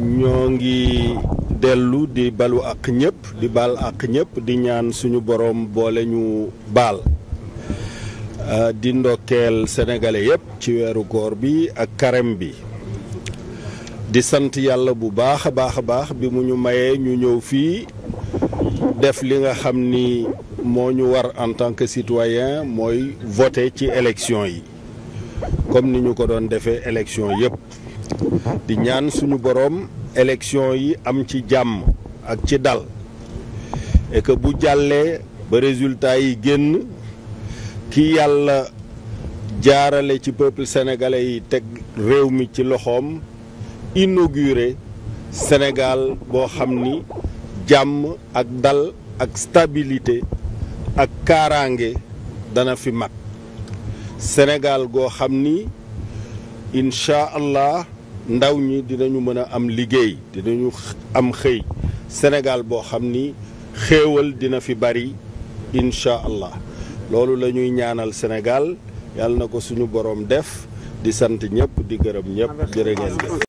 ñoo ngi dellu di balu ak ñëpp di baal ak ñëpp di ñaan suñu boroom boole ñu baal euh, di ndokkeel sénégalais yëpp ci weeru koor bi ak karam bi di sant yàlla bu baax a baax a baax bi mu ñu mayee ñu ñëw fii def li nga xam ni moo ñu war en tant que citoyen mooy voté ci élection yi comme ni ñu ko doon defee élection yëpp di ñaan suñu boroom élection yi am ci jàmm ak ci dal et bu jàllee ba résultat yi génn ki yàlla jaarale ci peuple sénégalais yi teg réew mi ci loxoom inauguré Sénégal boo xam ni jàmm ak dal ak stabilité ak kaaraange dana fi mag Sénégal goo xam ni incha allah ndaw ñi dinañu mën a am liggéey dinañu am xëy Sénégal boo xam ni xéewal dina fi bari incha allah loolu la ñaanal Sénégal yàlla na ko suñu boroom def di sant ñëpp di gërëm ñëpp jërë ngeen